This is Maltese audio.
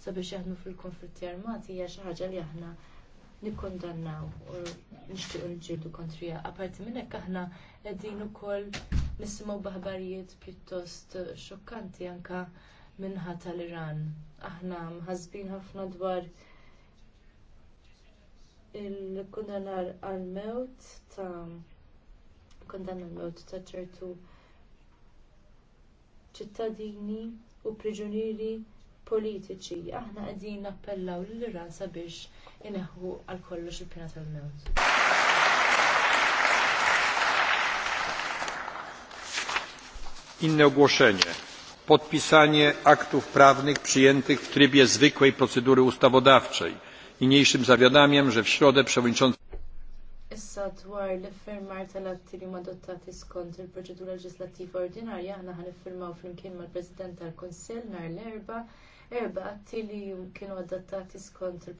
sabiex jaħdmu fil-konflitti armati hija xi ħaġa li aħna nikkondannaw u nixtiequ nġieldu kontrija. Aparti minn hekk aħna qegħdin ukoll nisimgħu baħbarijiet pjuttost xokkanti anke minħabba tal-Iran. Aħna mħazbin ħafna dwar il kundanna għal-mewt ta' kundan għal-mewt ta' ċertu ċittadini u priġunieri politiċi. Aħna qegħdin nappellaw lil Iran sabiex ineħħu għal kollox il-pena tal-mewt. Inne ogłoszenie. Podpisanie aktów prawnych przyjętych w trybie zwykłej procedury ustawodawczej. Niniejszym zawiadamiam, że w środę przewodniczący issa dwar l-iffirmar tal-atti li adottati skont il-proċedura leġislattiva ordinarja aħna ħan iffirmaw flimkien mal-President tal-Kunsill nhar l-erba' erba' atti li kienu adottati skont il